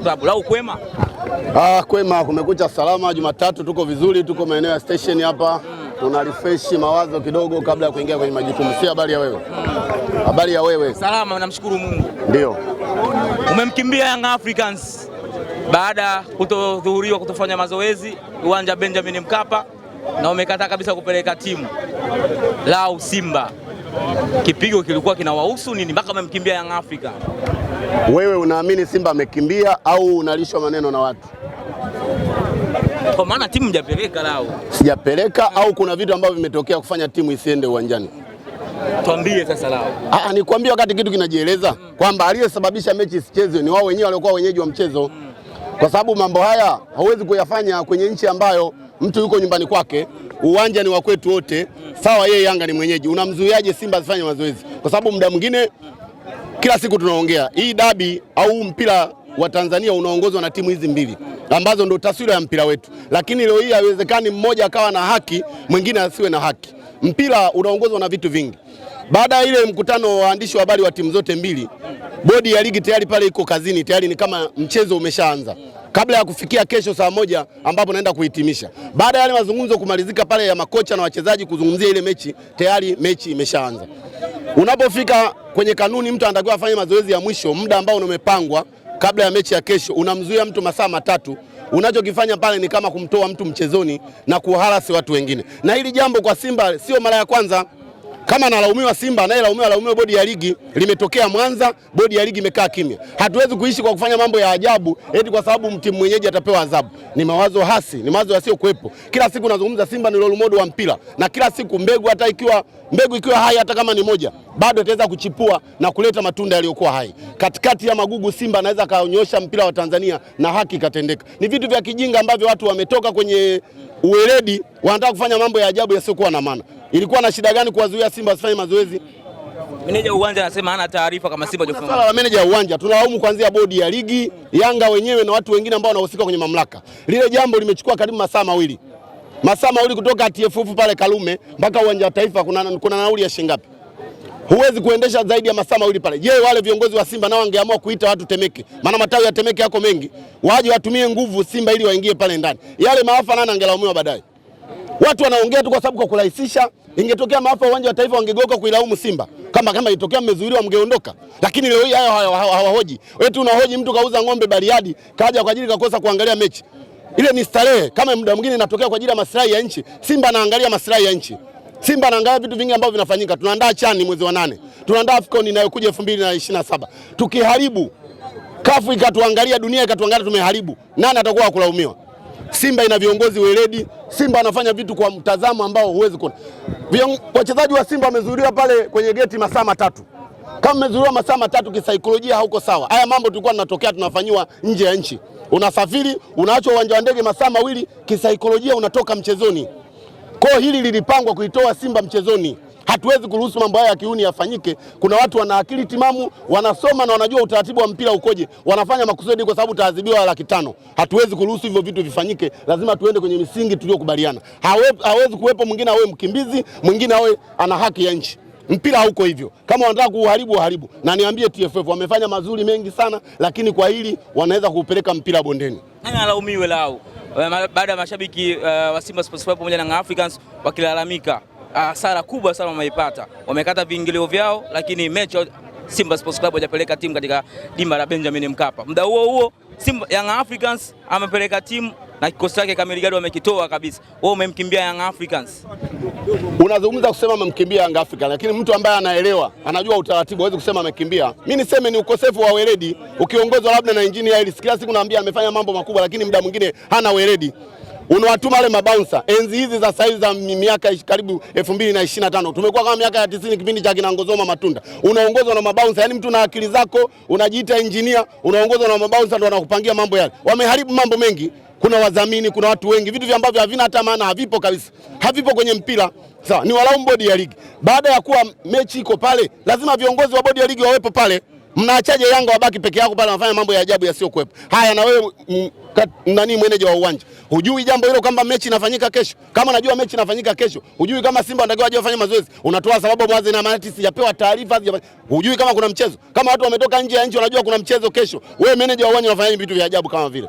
Club lau kwema? Ah, kwema kumekucha salama. Jumatatu tuko vizuri, tuko maeneo ya station hapa hmm. tuna refresh mawazo kidogo kabla ya kuingia kwenye majukumu. Si habari ya wewe? Hmm. Habari ya wewe? Salama, namshukuru Mungu. Ndio umemkimbia Young Africans baada ya kutodhuhuriwa kutofanya mazoezi uwanja Benjamin Mkapa na umekataa kabisa kupeleka timu lao Simba. Kipigo kilikuwa kinawahusu nini mpaka umemkimbia Young Africa? wewe unaamini Simba amekimbia au unalishwa maneno na watu? Kwa maana timu mjapeleka lao, sijapeleka au kuna vitu ambavyo vimetokea kufanya timu isiende uwanjani? Tuambie sasa lao. Ah, ah kuambia wakati kitu kinajieleza mm. kwamba aliyesababisha mechi isichezwe ni wao wenyewe waliokuwa wenyeji wa mchezo mm. kwa sababu mambo haya hauwezi kuyafanya kwenye nchi ambayo mtu yuko nyumbani kwake, uwanja ni wa kwetu wote mm. Sawa, yeye Yanga ni mwenyeji, unamzuiaje Simba asifanye mazoezi? Kwa sababu muda mwingine mm kila siku tunaongea hii dabi au mpira wa Tanzania unaongozwa na timu hizi mbili ambazo ndo taswira ya mpira wetu, lakini leo hii haiwezekani mmoja akawa na haki mwingine asiwe na haki. Mpira unaongozwa na vitu vingi. Baada ya ile mkutano wa waandishi wa habari wa timu zote mbili, bodi ya ligi tayari pale iko kazini, tayari ni kama mchezo umeshaanza kabla ya kufikia kesho saa moja ambapo naenda kuhitimisha. Baada ya yale mazungumzo kumalizika pale ya makocha na wachezaji kuzungumzia ile mechi, tayari mechi imeshaanza. Unapofika kwenye kanuni, mtu anatakiwa afanye mazoezi ya mwisho, muda ambao umepangwa kabla ya mechi ya kesho. Unamzuia mtu masaa matatu unachokifanya pale ni kama kumtoa mtu mchezoni na kuharasi watu wengine, na hili jambo kwa Simba sio mara ya kwanza. Kama analaumiwa Simba naye laumiwa laumiwa bodi ya ligi. Limetokea Mwanza, bodi ya ligi imekaa kimya. Hatuwezi kuishi kwa kufanya mambo ya ajabu eti kwa sababu mtimu mwenyeji atapewa adhabu. Ni mawazo hasi, ni mawazo yasiyo kuwepo. Kila siku nazungumza Simba ni role model wa mpira, na kila siku mbegu, hata ikiwa mbegu ikiwa hai, hata kama ni moja, bado itaweza kuchipua na kuleta matunda yaliyokuwa hai. Katikati ya magugu, Simba anaweza kaonyosha mpira wa Tanzania na haki ikatendeka. Ni vitu vya kijinga ambavyo watu wametoka kwenye uweledi, wanataka kufanya mambo ya ajabu yasiyokuwa na maana. Ilikuwa na shida gani kuwazuia Simba wasifanye mazoezi? Meneja uwanja anasema hana taarifa kama Simba hajafanya. Swala la meneja uwanja tunalaumu kuanzia bodi ya ligi, Yanga wenyewe na watu wengine ambao wanahusika kwenye mamlaka. Lile jambo limechukua karibu masaa mawili, masaa mawili kutoka TFF pale Karume mpaka uwanja wa Taifa. Kuna, kuna nauli ya shilingi ngapi? Huwezi kuendesha zaidi ya masaa mawili pale. Je, wale viongozi wa Simba nao wangeamua kuita watu Temeke, maana matawi ya Temeke yako mengi, waje watumie nguvu Simba ili waingie pale ndani, yale maafa nani angelaumiwa baadaye? Watu wanaongea tu kwa sababu kwa kurahisisha. Ingetokea maafa uwanja wa Taifa, wangegeuka kuilaumu Simba kama kama ilitokea mmezuiliwa, mngeondoka. Lakini leo hii hayo hawahoji. Wewe tu unahoji, mtu kauza ng'ombe Bariadi, kaja kwa ajili kakosa kuangalia mechi ile. Ni starehe, kama muda mwingine inatokea kwa ajili ya maslahi ya nchi. Simba anaangalia maslahi ya nchi. Simba anaangalia vitu vingi ambavyo vinafanyika. Tunaandaa chani mwezi wa nane, tunaandaa AFCON inayokuja 2027 Tukiharibu kafu ikatuangalia, dunia ikatuangalia, tumeharibu, nani atakuwa kulaumiwa? Simba ina viongozi weledi. Simba anafanya vitu kwa mtazamo ambao huwezi kuona. Wachezaji wa Simba wamezuiliwa pale kwenye geti masaa matatu. Kama umezuiliwa masaa matatu, kisaikolojia hauko sawa. Haya mambo tulikuwa tunatokea tunafanyiwa nje ya nchi, unasafiri unaachwa uwanja wa ndege masaa mawili, kisaikolojia unatoka mchezoni. Kwa hiyo hili lilipangwa kuitoa Simba mchezoni. Hatuwezi kuruhusu mambo haya ya kiuni yafanyike. Kuna watu wana akili timamu, wanasoma na wanajua utaratibu wa mpira ukoje, wanafanya makusudi kwa sababu taadhibiwa laki tano. Hatuwezi kuruhusu hivyo vitu vifanyike, lazima tuende kwenye misingi tuliyokubaliana. Hawezi kuwepo mwingine awe mkimbizi, mwingine awe ana haki ya nchi. Mpira hauko hivyo. Kama wanataka kuuharibu, waharibu. Na niambie TFF wamefanya mazuri mengi sana, lakini kwa hili wanaweza kuupeleka mpira bondeni. Nani Alaumiwe lao eh, baada ya mashabiki uh, wa Simba Sports Club pamoja na Africans wakilalamika hasara kubwa sana wameipata, wamekata viingilio vyao, lakini mechi Simba Sports Club hajapeleka timu katika dimba la Benjamin Mkapa. Muda huo huo Simba Young Africans amepeleka timu na kikosi chake kamili gari wamekitoa kabisa. Wewe umemkimbia Young Africans. Unazungumza kusema umemkimbia Young Africans, lakini mtu ambaye anaelewa, anajua utaratibu, hawezi kusema amekimbia. Mimi niseme ni ukosefu wa weledi, ukiongozwa labda na injinia Hersi. Kila siku naambia amefanya mambo makubwa, lakini muda mwingine hana weledi unawatuma wale mabaunsa. Enzi hizi za saizi za miaka karibu 2025 tumekuwa kama miaka ya 90 kipindi cha kinangozoma Matunda, unaongozwa na mabaunsa. Yani mtu na akili zako, unajiita engineer, unaongozwa na mabaunsa, ndio wanakupangia mambo yale. Wameharibu mambo mengi kuna wadhamini, kuna watu wengi, vitu vya ambavyo havina hata maana, havipo kabisa, havipo kwenye mpira. Sawa, ni walaumu bodi ya ligi. Baada ya kuwa mechi iko pale, lazima viongozi wa bodi ya ligi wawepo pale. Mnaachaje Yanga wabaki peke yako pale, wanafanya mambo ya ajabu yasiyokuwepo. Haya, na wewe nani meneja wa uwanja, hujui jambo hilo kwamba mechi inafanyika kesho? Kama unajua mechi inafanyika kesho, hujui kama Simba wanatakiwa waje wafanye mazoezi, unatoa sababu mwanzo na maana sijapewa taarifa, hujui kama kuna mchezo, kama watu wametoka nje ya nchi wanajua kuna mchezo kesho, wewe meneja wa uwanja unafanya vitu vya ajabu kama vile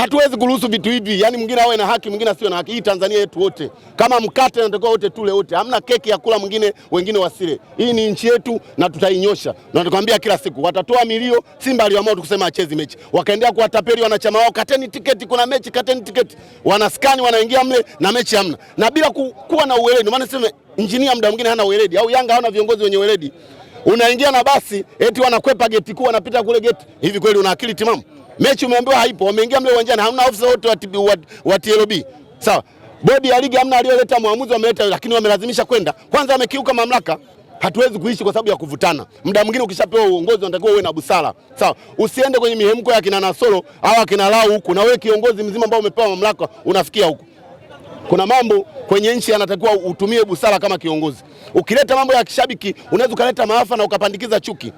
Hatuwezi kuruhusu vitu hivi, yaani mwingine awe na haki, mwingine asiwe na haki. Hii Tanzania yetu wote, kama mkate natakiwa wote tule wote, hamna keki ya kula mwingine wengine wasile. Hii ni nchi yetu na tutainyosha, na tukwambia kila siku watatoa milio. Simba aliamua tukusema achezi mechi, wakaendelea kuwatapeli wanachama wao, kateni tiketi, kuna mechi, kateni tiketi. Wanaskani wanaingia mle na mechi hamna, na bila kuwa na uweledi. Maana sema injinia muda mwingine hana uweledi, au Yanga hawana viongozi wenye uweledi. Unaingia na basi eti wanakwepa geti kuu, wanapita kule geti. Hivi kweli una akili timamu? mechi umeambiwa haipo, wameingia mle uwanjani, hamna ofisa wote wa TLB sawa. Bodi ya ligi hamna aliyoleta mwamuzi, wameleta lakini wamelazimisha kwenda. Kwanza wamekiuka mamlaka. Hatuwezi kuishi kwa sababu ya kuvutana. Muda mwingine ukishapewa uongozi unatakiwa uwe na busara, sawa. Usiende kwenye mihemko ya kina Nasoro au akina Lau huku, na wewe kiongozi mzima ambao umepewa mamlaka unafikia huku. Kuna mambo kwenye nchi yanatakiwa utumie busara kama kiongozi. Ukileta mambo ya kishabiki unaweza ukaleta maafa na ukapandikiza chuki.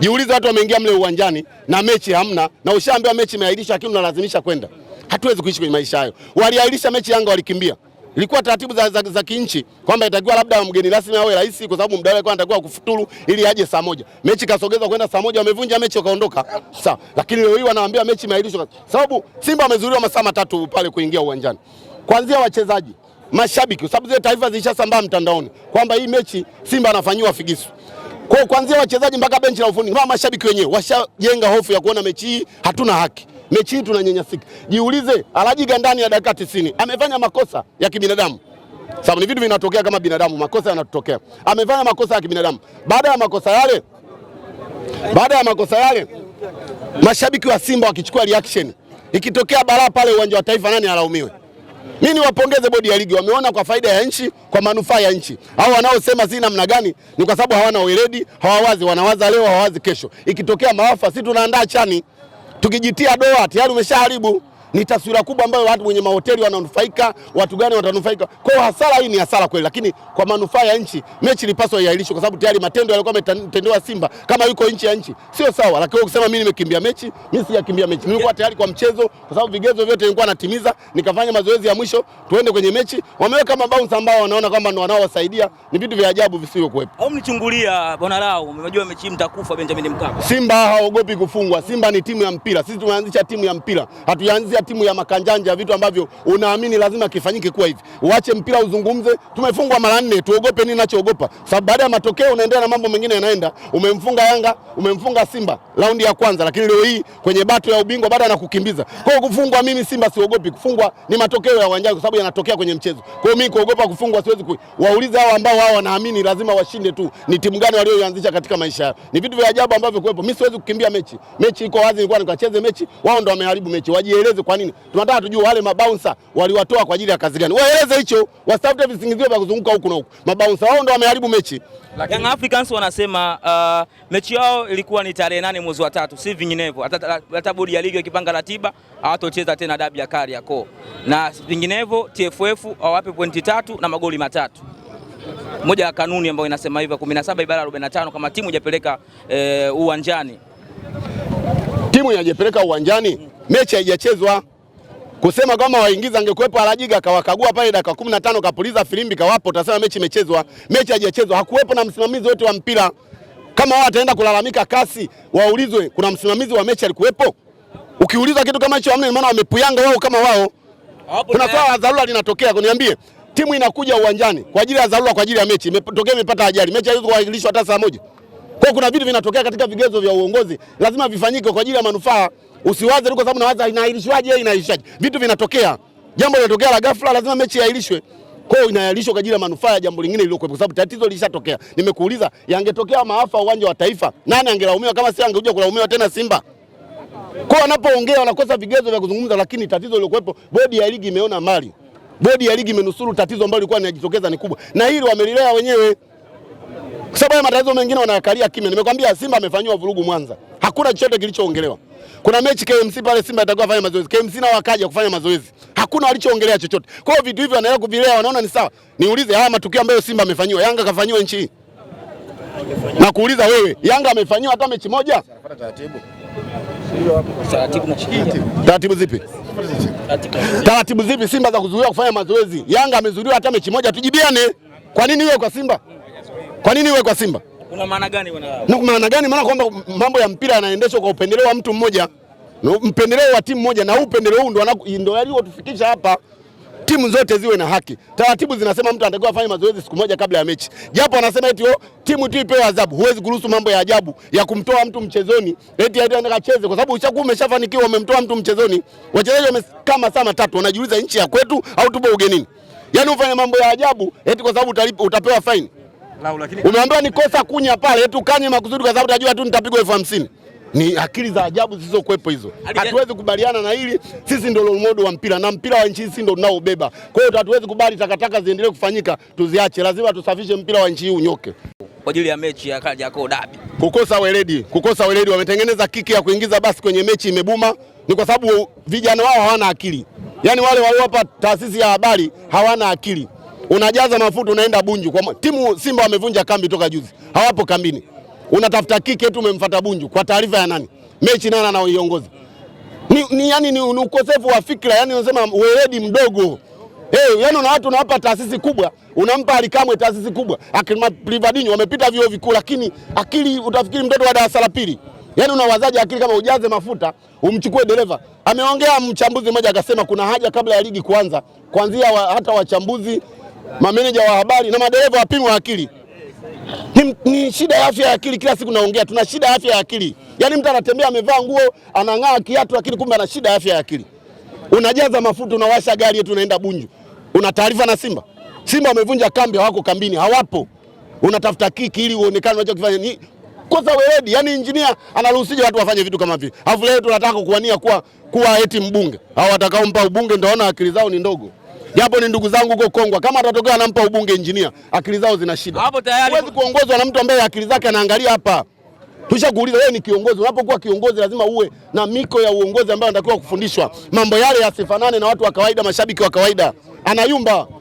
Jiulize, watu wameingia mle uwanjani na mechi hamna, na ushaambiwa mechi imeahirisha, lakini unalazimisha kwenda. Hatuwezi kuishi kwenye maisha hayo. Waliahirisha mechi, Yanga walikimbia. Ilikuwa taratibu za, za, za kinchi kwamba itakiwa labda mgeni rasmi awe rais, kwa sababu muda wake alikuwa anatakiwa kufuturu ili aje saa moja. Mechi kasogezwa kwenda saa moja, wamevunja mechi wakaondoka, sawa. Lakini leo hii wanaambia mechi imeahirishwa, sababu Simba wamezuriwa masaa matatu pale kuingia uwanjani, kuanzia wachezaji, mashabiki, sababu zile taarifa zilishasambaa mtandaoni kwamba hii mechi Simba anafanyiwa figisu. Kwa kuanzia wachezaji mpaka benchi la ufundi kama mashabiki wenyewe washajenga hofu ya kuona mechi hii hatuna haki, mechi hii tunanyanyasika. Jiulize, Alajiga ndani ya dakika tisini amefanya makosa ya kibinadamu, sababu ni vitu vinatokea kama binadamu, makosa yanatokea. Amefanya makosa ya kibinadamu. Baada ya makosa yale, baada ya makosa yale, mashabiki wa Simba wakichukua reaction, ikitokea balaa pale uwanja wa Taifa, nani alaumiwe? Mimi niwapongeze bodi ya ligi, wameona kwa faida ya nchi, kwa manufaa ya nchi. Hao wanaosema si namna gani, ni kwa sababu hawana weledi, hawawazi, wanawaza leo, hawawazi kesho. Ikitokea maafa, si tunaandaa chani, tukijitia doa tayari umeshaharibu ni taswira kubwa ambayo watu wenye mahoteli wananufaika, watu gani watanufaika. Kwa hiyo hasara hii ni hasara kweli, lakini kwa manufaa ya nchi mechi ilipaswa iahirishwe, kwa sababu tayari matendo yalikuwa yametendewa Simba kama yuko nchi ya nchi sio sawa. Lakini kusema mimi nimekimbia mechi, mimi sijakimbia mechi, nilikuwa tayari kwa mchezo, kwa sababu vigezo vyote nilikuwa natimiza, nikafanya mazoezi ya mwisho, tuende kwenye mechi. Wameweka mabounce ambao wanaona kwamba ndio wanaowasaidia, ni vitu vya ajabu visivyokuwepo. Au mnichungulia bwana lao, umejua mechi mtakufa Benjamin Mkapa. Simba haogopi kufungwa, Simba ni timu ya mpira, sisi tumeanzisha timu ya mpira, hatujaanzia katika timu ya Makanjanja, vitu ambavyo unaamini lazima kifanyike kuwa hivi. Uache mpira uzungumze, tumefungwa mara nne, tuogope nini? Nachoogopa sababu baada ya matokeo unaendelea na mambo mengine yanaenda. Umemfunga Yanga, umemfunga Simba raundi ya kwanza, lakini leo hii kwenye bato ya ubingwa bado anakukimbiza. Kwa hiyo kufungwa, mimi Simba siogopi kufungwa, ni matokeo ya uwanjani kwa sababu yanatokea kwenye mchezo. Kwa hiyo mimi kuogopa kufungwa siwezi Kuwauliza hao ambao wao wanaamini lazima washinde tu, ni timu gani walioianzisha katika maisha yao. Ni vitu vya ajabu ambavyo kuwepo. Mimi siwezi kukimbia mechi, mechi iko wazi, nilikuwa nikacheze mechi, wao ndo wameharibu mechi, wajieleze. Kwa nini? Tunataka tujue wale mabounsa waliwatoa kwa ajili ya kazi gani? Waeleze hicho, wasitafute visingizio vya kuzunguka huku na huku. Mabounsa wao ndio wameharibu mechi. Young Africans wanasema uh, mechi yao ilikuwa ni tarehe nane mwezi wa tatu, si vinginevyo hata bodi ya ligi ikipanga ratiba hawatocheza tena dabi ya Kariakoo, na vinginevyo TFF hawape pointi tatu na magoli matatu moja ya kanuni ambayo inasema hivyo 17 ibara 45, kama timu hajapeleka e, eh, uwanjani, timu inajepeleka uwanjani mm mechi haijachezwa. Kusema kama waingiza angekuepo Alajiga kawakagua pale dakika 15 kapuliza filimbi kawapo, utasema mechi imechezwa. Mechi haijachezwa, hakuwepo na msimamizi wote wa mpira. Kama wao wataenda kulalamika kasi, waulizwe kuna msimamizi wa mechi alikuwepo? Ukiuliza kitu kama hicho, amna maana wamepuyanga wao kama wao. Kuna swala la dharura linatokea, kuniambie timu inakuja uwanjani kwa ajili ya dharura, kwa ajili ya mechi imetokea, imepata ajali, mechi haiwezi kuahirishwa hata saa moja. Kwa kuna vitu vinatokea katika vigezo vya uongozi, lazima vifanyike kwa ajili ya manufaa Usiwaze tu kwa sababu nawaza inaahirishwaje, inaahirishwaje. Vitu vinatokea, jambo linatokea la ghafla, lazima mechi iahirishwe. Kwa hiyo inaahirishwa kwa ajili ya manufaa ya jambo lingine lililokuwepo, kwa sababu tatizo lilishatokea. Nimekuuliza, yangetokea maafa uwanja wa Taifa, nani angelaumiwa? Kama si angekuja kulaumiwa tena Simba kwa wanapoongea wanakosa vigezo vya kuzungumza, lakini tatizo lilokuwepo, bodi ya ligi imeona mali, bodi ya ligi imenusuru tatizo ambalo lilikuwa linajitokeza ni kubwa, na hili wamelilea wenyewe, kwa sababu ya matatizo mengine wanayakalia kimya. Nimekwambia Simba amefanyiwa vurugu Mwanza, hakuna chochote kilichoongelewa. Kuna mechi KMC pale Simba itakuwa fanya mazoezi. KMC nao wakaja kufanya mazoezi. Hakuna walichoongelea chochote. Kwa hiyo vitu hivyo wanaelewa kuvilea, wanaona ni sawa. Niulize haya matukio ambayo Simba amefanyiwa, Yanga kafanyiwa nchi Na kuuliza wewe, Yanga amefanyiwa hata mechi moja? Taratibu zipi? Taratibu zipi Simba za kuzuiwa kufanya mazoezi? Yanga amezuiwa hata mechi moja, tujibiane. Kwa nini iwe kwa Simba? Kwa nini iwe kwa Simba? Kuna maana gani bwana wao? Na maana gani? Maana kwamba mambo ya mpira yanaendeshwa kwa upendeleo wa mtu mmoja, mpendeleo wa timu moja, na huu upendeleo huu ndio yaliyotufikisha hapa. Timu zote ziwe na haki. Taratibu zinasema mtu anatakiwa afanye mazoezi siku moja kabla ya mechi, japo anasema eti oh, timu tu ipewe adhabu. Huwezi kuruhusu mambo ya ajabu ya kumtoa mtu mchezoni eti anataka acheze, kwa sababu ushakuwa umeshafanikiwa, umemtoa mtu mchezoni. Wachezaji wamekaa masaa matatu, wanajiuliza nchi ya kwetu au tupo ugenini? Yaani ufanye mambo ya ajabu eti kwa sababu utapewa faini lakini... umeambiwa ni kosa kunya pale, ukanye makusudi kwa sababu tajua tu nitapigwa elfu hamsini. Ni akili za ajabu zisizokuwepo hizo. Hatuwezi kubaliana na hili. Sisi ndio role model wa mpira na mpira wa nchi sisi ndio tunaobeba. Kwa hiyo hatuwezi kubali takataka ziendelee kufanyika, tuziache. Lazima tusafishe mpira wa nchi hii unyoke. Kwa ajili ya mechi ya Kariakoo Derby. Kukosa weledi, kukosa weledi, wametengeneza kiki ya kuingiza basi kwenye mechi imebuma, ni kwa sababu vijana wao hawana akili. Yaani wale waliowapa taasisi ya habari hawana akili unajaza mafuta unaenda Bunju kwa timu. Simba wamevunja kambi toka juzi, hawapo kambini. Unatafuta kike tu, umemfuata Bunju kwa taarifa ya nani? Mechi nani anaoiongoza? Ni, ni, yani, ni ukosefu wa fikra yani, unasema weledi mdogo Hey, eh, yani una watu unawapa taasisi kubwa, unampa Alikamwe taasisi kubwa, akina Privadinho wamepita vyuo vikuu, lakini akili utafikiri mtoto wa darasa la pili. Yani unawazaje akili kama ujaze mafuta umchukue dereva? Ameongea mchambuzi mmoja akasema kuna haja kabla ya ligi kuanza, kuanzia wa, hata wachambuzi mameneja wa habari na madereva wapimwe akili. Ni, ni shida ya afya ya akili. Kila siku naongea tuna shida ya afya ya akili. Yaani mtu anatembea amevaa nguo anang'aa kiatu, lakini kumbe ana shida ya afya ya akili. Unajaza mafuta unawasha gari yetu unaenda Bunju, una taarifa na Simba. Simba wamevunja kambi, hawako kambini, hawapo. Unatafuta kiki ili uonekane unachokifanya ni kosa weledi. Yaani injinia anaruhusije watu wafanye vitu kama hivi? Alafu leo tunataka kuwania kuwa kuwa eti mbunge, hao watakaompa ubunge, ndio ana akili zao ni ndogo japo ni ndugu zangu huko Kongwa, kama atatokea anampa ubunge injinia, akili zao zina shida. Hapo tayari huwezi kuongozwa na mtu ambaye akili zake anaangalia hapa. Tushakuuliza wewe ni kiongozi, unapokuwa kiongozi lazima uwe na miko ya uongozi ambayo anatakiwa kufundishwa. Mambo yale yasifanane na watu wa kawaida, mashabiki wa kawaida, anayumba.